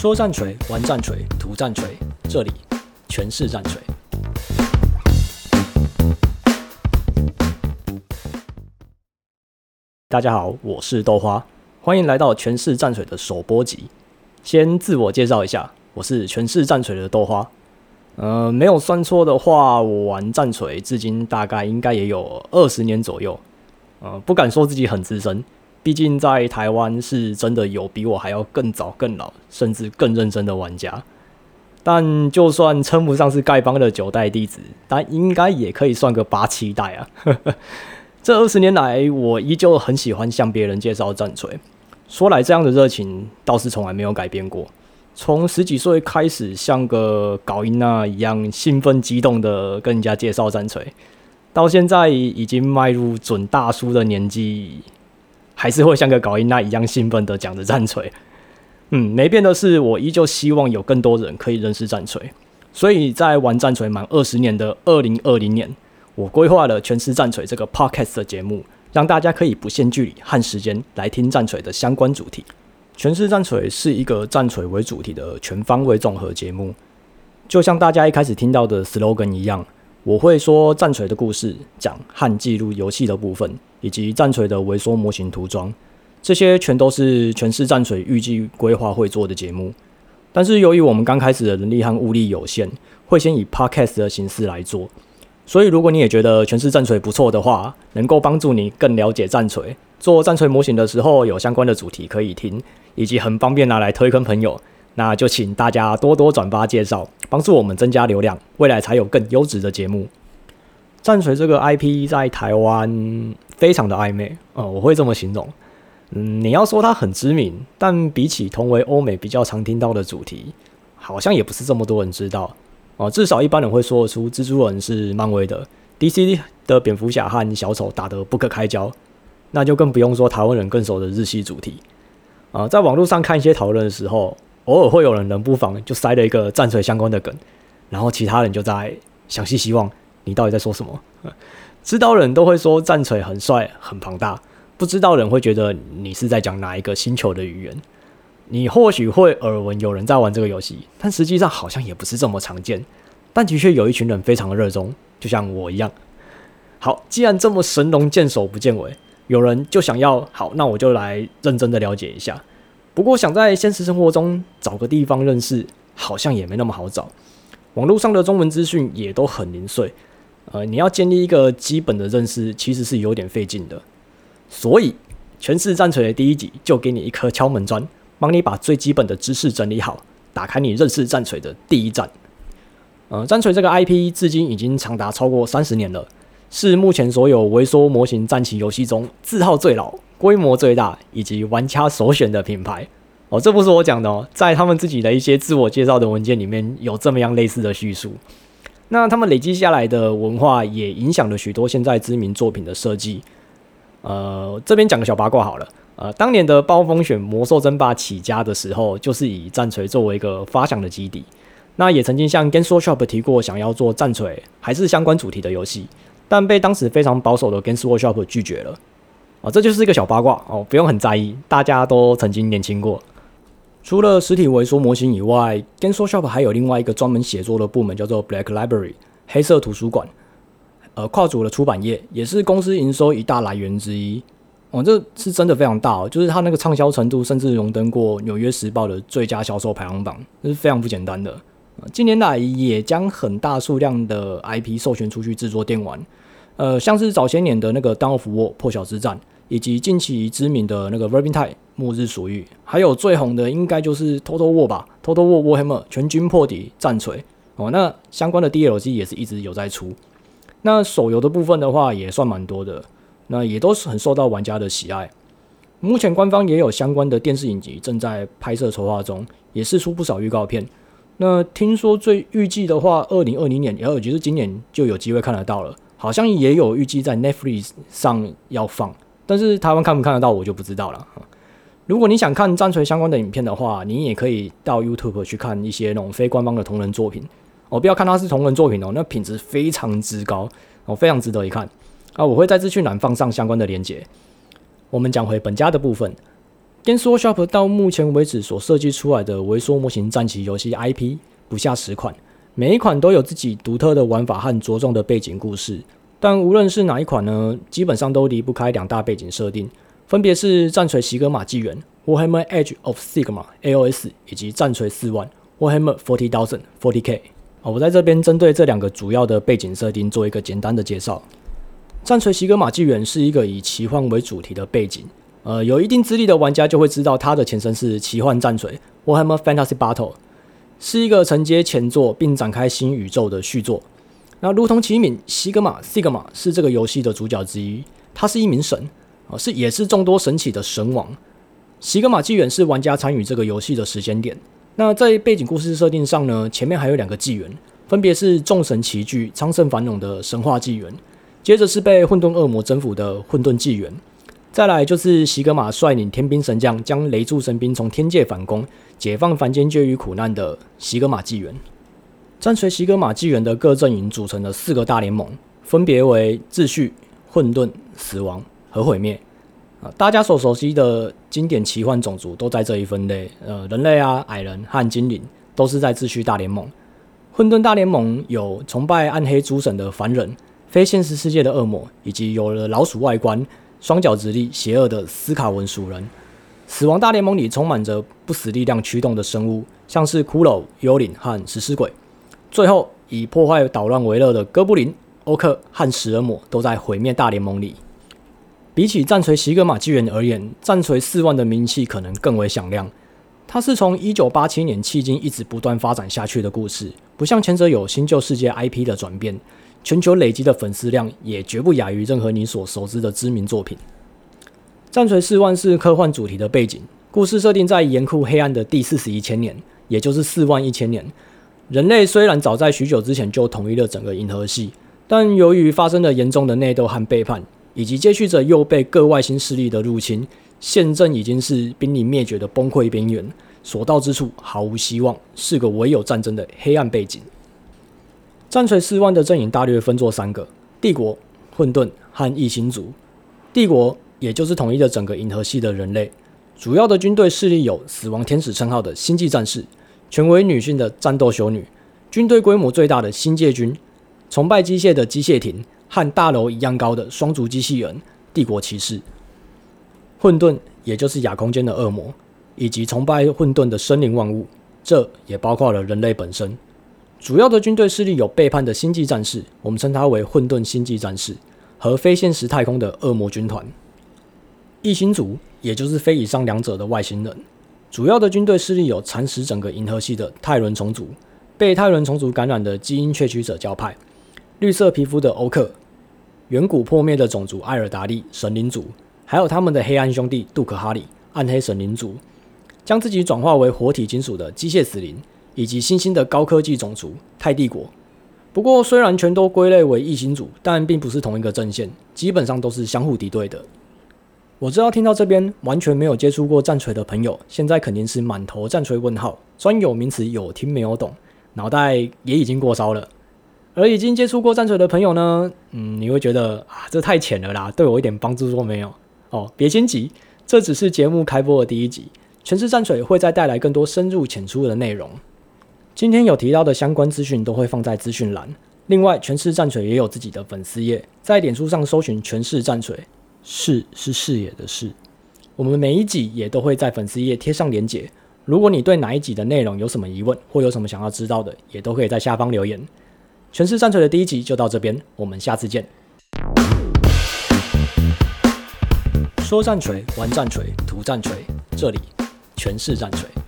說戰鎚，玩戰鎚，塗戰鎚，這裡全是戰鎚。大家好，我是豆花，歡迎來到《全視戰鎚》的首播集。先自我介紹一下，我是《全視戰鎚》的豆花。呃，沒有算錯的話，我玩戰鎚至今大概應該也有二十年左右，呃，不敢說自己很資深。畢竟在台灣是真的有比我還要更早、更老，甚至更認真的玩家。但就算稱不上是丐幫的九代弟子，但應該也可以算個八七代啊。 這二十年來，我依舊很喜歡向別人介紹戰鎚。說來這樣的熱情倒是從來沒有改變過。從十幾歲開始，像個搞音那一樣興奮激動的跟人家介紹戰鎚，到現在已經邁入準大叔的年紀。還是會像個搞音那一樣興奮地講着戰鎚，嗯，沒變的是，我依舊希望有更多人可以認識戰鎚。所以在玩戰鎚滿二十年的二零二零年，我規劃了《全視戰鎚》這個 podcast 的節目，讓大家可以不限距離和時間來聽戰鎚的相關主題。《全視戰鎚》是一個戰鎚為主題的全方位綜合節目，就像大家一開始聽到的 slogan 一樣，我會說戰鎚的故事，講和記錄遊戲的部分。以及戰鎚的微縮模型塗裝，這些全都是全視戰鎚預計規劃會做的節目。但是由於我們剛開始的人力和物力有限，會先以 Podcast 的形式來做。所以如果你也覺得全視戰鎚不錯的話，能夠幫助你更了解戰鎚，做戰鎚模型的時候有相關的主題可以聽，以及很方便拿來推坑朋友，那就請大家多多轉發介紹，幫助我們增加流量，未來才有更優質的節目。戰鎚這個 IP 在台灣，非常的曖昧，哦、呃，我會這麼形容。嗯，你要說它很知名，但比起同為歐美比較常聽到的主題，好像也不是這麼多人知道。哦、呃，至少一般人會說得出蜘蛛人是漫威的，DC 的蝙蝠俠和小丑打得不可開交，那就更不用說台灣人更熟的日系主題。啊、呃，在網絡上看一些討論的時候，偶爾會有人冷不防就塞了一個戰鎚相關的梗，然後其他人就在詳細希望你到底在說什麼。知道的人都會說戰鎚很帥，很龐大，不知道人會覺得你是在講哪一個星球的語言。你或許會耳聞有人在玩這個遊戲，但實際上好像也不是這麼常見。但的確有一群人非常的熱衷，就像我一樣。好，既然這麼神龍見首不見尾，有人就想要，好，那我就來認真的了解一下。不過想在現實生活中找個地方認識，好像也沒那麼好找。網絡上的中文資訊也都很零碎。呃，你要建立一個基本的認識，其實是有點費勁的。所以，《全視戰鎚》的第一集就給你一顆敲門磚，幫你把最基本的知識整理好，打開你認識戰鎚的第一站。呃，戰鎚這個 IP 至今已經長達超過三十年了，是目前所有微縮模型戰棋遊戲中字號最老、規模最大以及玩家首選的品牌。哦，這不是我講的哦，在他們自己的一些自我介紹的文件裡面有這麼樣類似的敘述。那他們累積下來的文化也影響了許多現在知名作品的設計。呃，這邊講個小八卦好了。呃，當年的暴風雪《魔獸爭霸》起家的時候，就是以戰鎚作為一個發想的基底。那也曾經向 Games Workshop 提過想要做戰鎚還是相關主題的遊戲，但被當時非常保守的 Games Workshop 拒絕了。啊、呃，這就是一個小八卦哦，不用很在意，大家都曾經年輕過。除了實體微縮模型以外，Games Workshop 還有另外一個專門寫作的部門，叫做 Black Library 黑色圖書館。呃，跨足了出版業，也是公司營收一大來源之一。哦，這是真的非常大，哦，就是它那個暢銷程度，甚至榮登過《紐約時報》的最佳銷售排行榜，這是非常不簡單的。近年來，也將很大數量的 IP 授權出去制作電玩，呃，像是早些年的那個《Dawn of War 破曉之戰》。以及近期知名的那個《Vermintide》末日鼠域，還有最紅的應該就是《Total War》吧，《Total War》Warhammer 全軍破敵戰鎚哦，那相關的 DLC 也是一直有在出。那手遊的部分的話，也算蠻多的，那也都是很受到玩家的喜愛。目前官方也有相關的電視影集正在拍攝籌劃中，也是出不少預告片。那聽說最預計的話，二零二零年，也有，就是今年就有機會看得到了，好像也有預計在 Netflix 上要放。但是台灣看不看得到，我就不知道了。如果你想看戰鎚相關的影片的話，你也可以到 YouTube 去看一些那種非官方的同人作品哦。不要看它是同人作品哦，那品質非常之高哦，非常值得一看啊！我會在資訊欄放上相關的連結。我們講回本家的部分，Games Workshop 到目前為止所設計出來的微縮模型戰棋遊戲 IP 不下十款，每一款都有自己獨特的玩法和着重的背景故事。但無論是哪一款呢，基本上都離不開兩大背景設定，分別是戰鎚席格瑪紀元 （Warhammer Age of Sigmar，AOS） 以及戰鎚四萬 （Warhammer Forty Thousand，Forty K）。啊、哦，我在這邊針對這兩個主要的背景設定做一個簡單的介紹。戰鎚席格瑪紀元是一個以奇幻為主題的背景，呃，有一定資歷的玩家就會知道它的前身是奇幻戰鎚 （Warhammer Fantasy Battle），是一個承接前作並展開新宇宙的續作。那如同其名，席格瑪、席格瑪是這個遊戲的主角之一，他是一名神啊，是也是眾多神祇的神王。席格瑪紀元是玩家參與這個遊戲的時間點。那在背景故事設定上呢，前面還有兩個紀元，分別是眾神齊聚、昌盛繁榮的神話紀元，接着是被混沌惡魔征服的混沌紀元，再來就是席格瑪率領天兵神將，將雷鑄神兵從天界反攻，解放凡間，絕於苦難的席格瑪紀元。戰鎚席格瑪紀元的各陣營組成了四個大聯盟，分別為秩序、混沌、死亡和毀滅。大家所熟悉的經典奇幻種族都在這一分類。呃，人類啊、矮人和精靈都是在秩序大聯盟。混沌大聯盟有崇拜暗黑諸神的凡人、非現實世界的惡魔，以及有了老鼠外觀、雙腳直立、邪惡的斯卡文鼠人。死亡大聯盟裡充滿着不死力量驅動的生物，像是骷髏、幽靈和食屍鬼。最後，以破壞搗亂為樂的哥布林、歐克和史爾姆都在毀滅大聯盟裡。比起戰錘席格瑪紀元而言，戰錘四萬的名氣可能更為響亮。它是從一九八七年迄今一直不斷發展下去的故事，不像前者有新舊世界 IP 的轉變。全球累積的粉絲量也絕不亞於任何你所熟知的知名作品。戰錘四萬是科幻主題的背景，故事設定在嚴酷黑暗的第四十一千年，也就是四萬一千年。人類雖然早在許久之前就統一了整個銀河系，但由於發生了嚴重的內鬥和背叛，以及接續着又被各外星勢力的入侵，現正已經是瀕臨滅絕的崩潰邊緣。所到之處毫無希望，是個唯有戰爭的黑暗背景。戰鎚四萬的陣營大略分作三個：帝國、混沌和異星族。帝國也就是統一了整個銀河系的人類，主要的軍隊勢力有死亡天使稱號的星際戰士。全為女性的戰鬥修女、軍隊規模最大的星界軍、崇拜機械的機械庭、和大樓一樣高的雙足機器人帝國騎士。混沌也就是亞空間的惡魔，以及崇拜混沌的生靈萬物，這也包括了人類本身。主要的軍隊勢力有背叛的星際戰士，我們稱它為混沌星際戰士和非現實太空的惡魔軍團。異星族也就是非以上兩者的外星人。主要的軍隊勢力有蠶食整個銀河系的泰倫蟲族，被泰倫蟲族感染的基因竊取者教派，綠色皮膚的歐克，遠古破滅的種族艾爾達利神靈族，還有他們的黑暗兄弟杜克哈里暗黑神靈族，將自己轉化為活體金屬的機械死靈，以及新興的高科技種族泰帝國。不過，雖然全都歸類為異星族，但並不是同一個陣線，基本上都是相互敵對的。我知道聽到這邊完全沒有接觸過戰鎚的朋友，現在肯定是滿頭戰鎚問號，專有名詞有聽沒有懂，腦袋也已經過燒了。而已經接觸過戰鎚的朋友呢，嗯，你會覺得啊，這太淺了啦，對我一點幫助都沒有。哦，別心急，這只是節目開播的第一集，全視戰鎚會再帶來更多深入淺出的內容。今天有提到的相關資訊都會放在資訊欄，另外全視戰鎚也有自己的粉絲頁，在臉書上搜尋全視戰鎚。視是視野的視，我們每一集也都會在粉絲頁貼上連結。如果你對哪一集的內容有什麼疑問，或有什麼想要知道的，也都可以在下方留言。全視戰鎚的第一集就到這邊，我們下次見。說戰鎚，玩戰鎚，塗戰鎚，這裡全視戰鎚。